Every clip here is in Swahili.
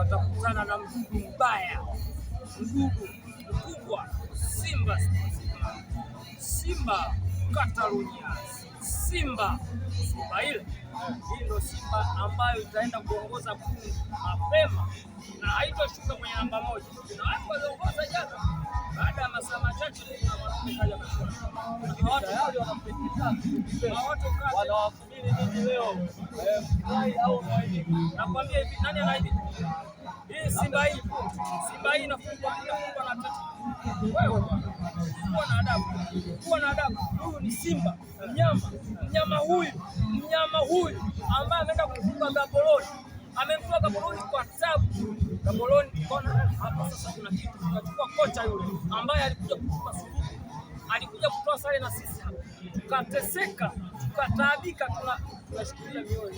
watakutana na mdudu mbaya, mdudu mkubwa Simba. Simba Catalonia, Simba. Simba ile hii ndio Simba ambayo itaenda kuongoza kuu mapema na haitoshuka kwenye namba moja, na watu waliongoza jana, baada ya masaa machache wanawasubiri nini leo? Eh, Nakwambia hivi, nani anaidi hii eh, Simba hii Simba hii inafungwa inafungwa na tatu. Wewe kuwa na adabu, kuwa na adabu. Huyu ni Simba mnyama, mnyama huyu, mnyama huyu ambaye ameenda kumfunga Gaborone, amemfunga Gaborone kwa tabu. Gaborone kona hapa sasa, kuna kitu kachukua kocha yule ambaye alikuja kutupa suluhu, alikuja kutoa sare na sisi hapa tukateseka, tukataabika, tunashikilia mioyo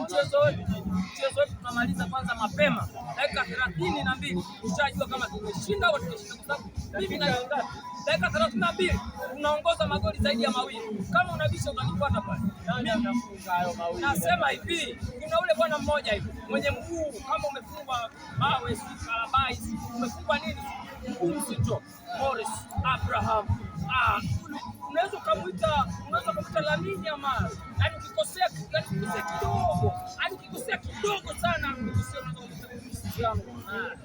mchezo wetu tunamaliza kwanza mapema dakika thelathini na mbili tushajua kama tumeshinda au tumeshinda, kwa sababu mimi na dakika thelathini na mbili unaongoza magoli zaidi ya mawili. Kama unabisha utanifuata pale. Nasema hivi, kuna ule bwana mmoja hivi mwenye mguu, kama umefungwa mawe, sijui karabai, umefungwa nini, umsito Morris Abraham ah, unaweza ukamwita, unaweza ukamwita Lamine Yamal. Yani ukikosea, yani ukikosea kidogo, yani ukikosea kidogo sana, ukikosea unaweza kumwita Cristiano Ronaldo,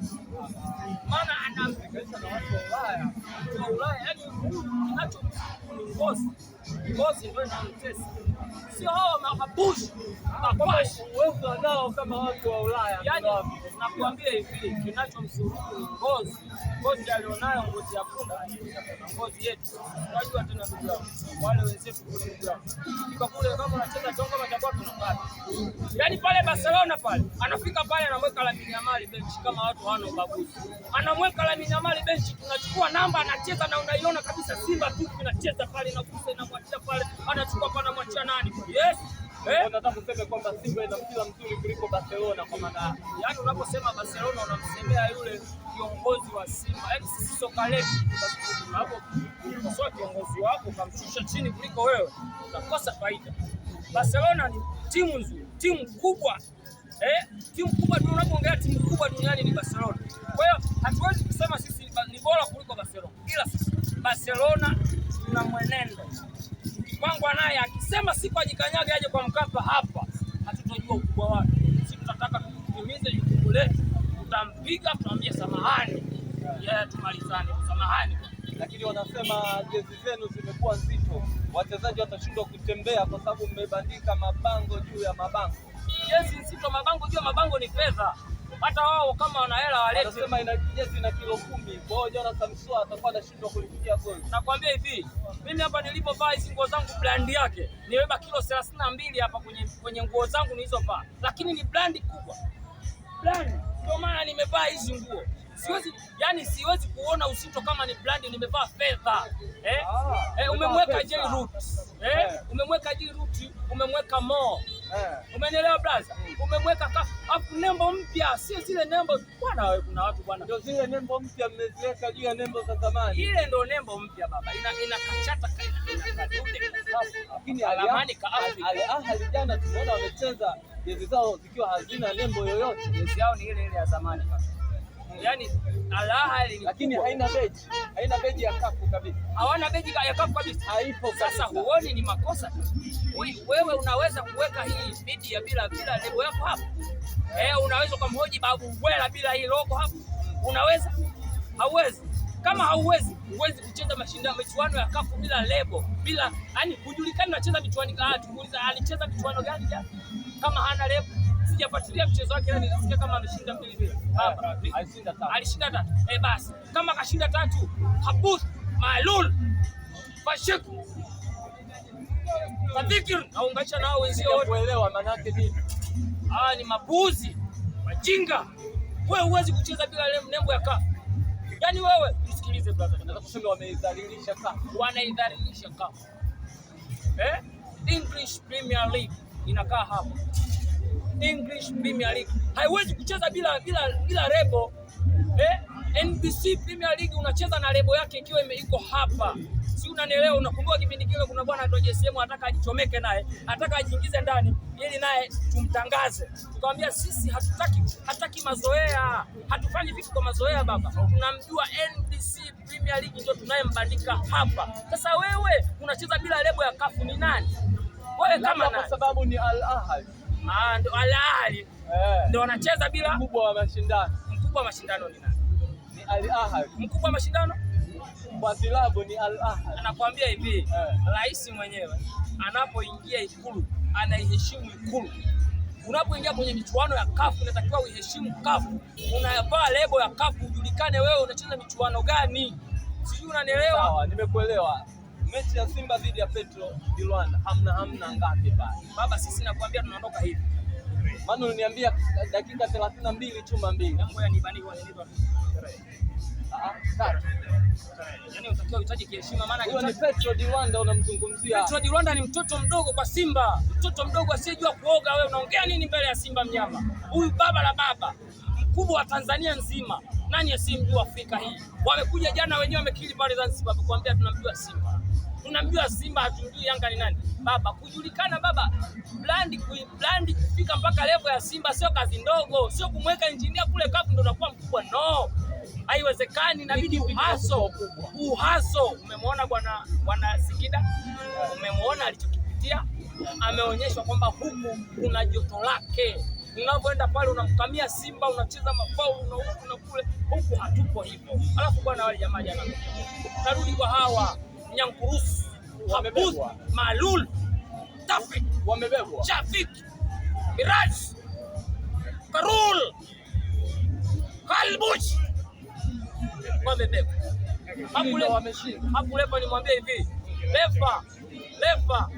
maana anaangaika na watu wa Ulaya, wa Ulaya. Yani kinacho ni ngozi, ngozi ndio inamtesa, sio hao mababushi mabash wao kama watu wa Ulaya. Yaani nakwambia hivi, kinachomsuruku ni ngozi, ngozi alionayo, ngozi ya punda, ngozi yetu. Unajua tena ndugu yangu, wale wenzetu kule kule, kama anacheza chongo matakuwa tunapata. Yani pale Barcelona pale, anafika pale anamweka Lamine Yamal benchi kama watu hawana ubaguzi. Anamweka Lamine Yamal benchi, tunachukua namba, anacheza na unaiona kabisa Simba tu inacheza pale na kusa na pale, anachukua pana mwachia nani? Yes. Eh? Nataka kusema kwamba Simba ina mpira mzuri kuliko Barcelona kwa maana yaani, unaposema Barcelona unamsemea yule kiongozi wa Simba, yaani sisi soka letu hapo, unakosoa kiongozi wako ukamshusha chini kuliko wewe, unakosa faida. Barcelona ni timu nzuri, timu kubwa eh, timu kubwa. Unapoongelea timu kubwa duniani ni Barcelona. Kwa hiyo hatuwezi kusema sisi ni bora kuliko Barcelona, ila Barcelona tuna mwenendo Mnangagwa naye akisema siku ajikanyage aje kwa Mkapa hapa, hatutajua ukubwa wake. Si tutataka tutimize jukumu letu, tutampiga, tutamwambia samahani, yeye tumalizane, samahani. Lakini wanasema jezi zenu zimekuwa nzito, wachezaji watashindwa kutembea kwa sababu mmebandika mabango juu ya mabango. Jezi nzito, mabango juu ya mabango ni fedha hata wao kama wana hela walete. Anasema ina jezi na kilo 10. Kwa hiyo Jonathan Msoa atakuwa anashindwa kulifikia goli. Nakwambia hivi, mimi hapa nilipovaa hizo nguo zangu brand yake, nimebeba kilo 32 hapa kwenye kwenye nguo zangu nilizovaa. Lakini ni brand kubwa. Brand. Ndio maana nimevaa hizi nguo siwezi, yani siwezi kuona usito kama ni brand nimevaa fedha eh? Ah, eh, eh? eh, umemweka J Root eh? Yeah. Umemweka J Root umemweka Mo eh. Umenielewa brother mm. Umemweka afu nembo mpya, sio zile nembo bwana. Wewe kuna watu bwana, ndio zile nembo mpya mmeziweka juu ya nembo za zamani. Ile ndio nembo mpya baba, ina ina kachata lakini alamani ka Afrika. Al Ahly jana tumeona wamecheza jezi zao zikiwa hazina nembo yoyote, jezi yao ni ile ile ya zamani baba yani alahali, lakini haina beji, haina beji ya kafu kabisa, hawana beji ya kafu kabisa, haipo kabisa. Sasa huoni ni makosa? we, Wewe unaweza kuweka hii media bila bila lebo yako hapo eh, unaweza kumhoji babu Wela bila hii logo hapo, unaweza hauwezi? Kama hauwezi, huwezi kucheza mashindano michuano ya kafu bila lebo, bila yani kujulikana. unacheza michuano gani? Alicheza michuano gani kama hana lebo? sijafuatilia mchezo wake, nilisikia kama ameshinda mbili mbili, ah, alishinda tatu. alishinda tatu. Eh, basi kama kashinda tatu, habus Malul Fashik Fadhikir naungacha nao wenzio wote. Kuelewa maana yake nini? Ah, ni mapuzi majinga. Wewe huwezi kucheza bila nembo ya CAF. Yaani wewe usikilize brother, nataka kusema wameidhalilisha CAF. Wanaidhalilisha CAF. Eh? English Premier League inakaa hapo. English Premier League. Haiwezi kucheza bila bila bila lebo eh? NBC Premier League unacheza na lebo yake ikiwa iko hapa, si unanielewa? Unakumbuka kipindi kile kuna bwana atoje JSM anataka ajichomeke naye anataka ajiingize ndani ili naye tumtangaze, tukamwambia sisi hatutaki, hataki mazoea, hatufanyi vitu kwa mazoea. Baba, tunamjua NBC Premier League ndio tunayembandika hapa. Sasa wewe unacheza bila lebo ya kafu, ni nani? wewe kama na sababu ni Al Ahly. Ah, ndo Al Ahly eh. ndio wanacheza bila mkubwa wa mashindano. Mkubwa wa mashindano ni nani? Ni Al Ahly. Mkubwa wa mashindano kwa silabu ni Al Ahly. Anakuambia hivi, eh. rais mwenyewe anapoingia Ikulu anaiheshimu Ikulu. Unapoingia kwenye michuano ya kafu unatakiwa uiheshimu kafu, unayavaa lebo ya kafu, ujulikane wewe unacheza michuano gani. Sijui unanielewa? Sawa, nimekuelewa mechi ya Simba dhidi ya Petro di Rwanda, hamna hamna ngapi pale baba? Sisi nakwambia tunaondoka hivi, maana uliniambia dakika 32 chuma mbili ni ah, yaani Petro di unamzungumzia. Petro di Rwanda ni mtoto mdogo kwa Simba, mtoto mdogo asiyejua kuoga. Wewe unaongea nini mbele ya Simba mnyama? Huyu baba la baba mkubwa wa Tanzania nzima, nani asiyemjua Afrika hii? Wamekuja jana wenyewe wamekili pale Zanzibar kukuambia tunamjua Simba. Unamjua Simba, hatumjui Yanga ni nani? Baba kujulikana, baba brandi, kuibrandi kufika mpaka level ya Simba sio kazi ndogo, sio kumweka injinia kule kafu ndo unakuwa mkubwa, no, haiwezekani. Inabidi uhaso, uhaso. Umemwona bwana bwana Singida, umemwona alichokipitia, ameonyeshwa kwamba huku kuna joto lake unavyoenda pale unamkamia Simba, unacheza mafaulu, una huku na kule, huku hatuko hivyo. Alafu bwana, wale jamaa jana tarudi kwa hawa Nyankurusu, Habuz, Malul, Tafik, wamebebwa Shafik, Miraj, Karul, Kalbuch wamebebwa. Hakulepa nimwambie hivi, lefa lefa,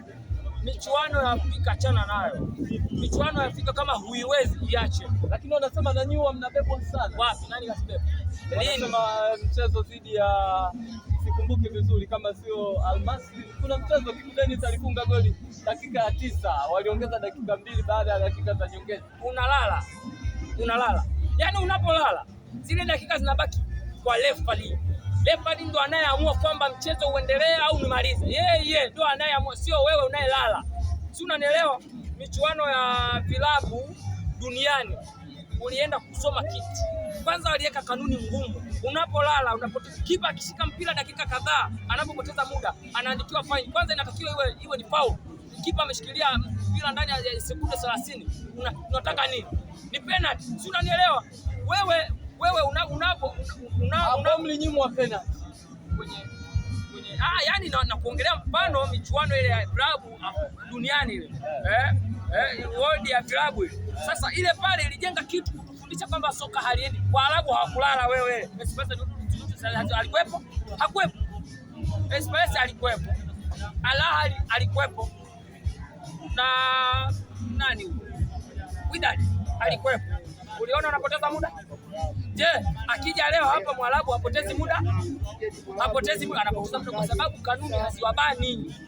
michuano ya Afrika chana nayo. Michuano ya Afrika kama huiwezi iache, lakini wanasema na nyua mnabebwa sana. Wapi? Nani kasibeba? Wanasema eh, mchezo dhidi ya nikumbuke vizuri kama sio Almasi, kuna mchezo kibu Dennis alifunga goli dakika ya tisa, waliongeza dakika mbili baada ya dakika za nyongeza. Unalala unalala, yaani unapolala zile dakika zinabaki kwa refa. Refa ndo anayeamua kwamba mchezo uendelee au nimalize. Yeye yeah, ndo anayeamua, sio wewe unayelala, si unanielewa? Michuano ya vilabu duniani ulienda kusoma kitu kwanza, walieka kanuni ngumu unapolala Kipa akishika mpira dakika kadhaa, anapopoteza muda anaandikiwa faini. Kwanza inatakiwa iwe, iwe ni faul. Kipa ameshikilia mpira ndani ya sekunde 30, unataka nini? Ni penalty, si unanielewa wewe? Wewe unapo unamlinyimwa ah, penalty kwenye kwenye ah, yani na, na kuongelea mfano michuano ile ya klabu ah, duniani ile eh eh, world ya klabu sasa ile pale ilijenga kitu kufundisha kwamba soka haliendi. Waarabu hawakulala wewe. Alikuwepo? Hakuwepo. Esperance alikuwepo. Alahali alikuwepo. Na nani Widad alikuwepo. Uliona unapoteza muda? Je, akija leo hapa Mwarabu hapotezi muda? Hapotezi muda anapoteza muda kwa sababu kanuni haziwabani.